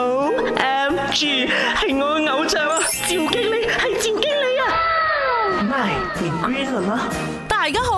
O M G，係我嘅偶像啊！趙經理係趙經理啊！咪你 green 啦！大家好。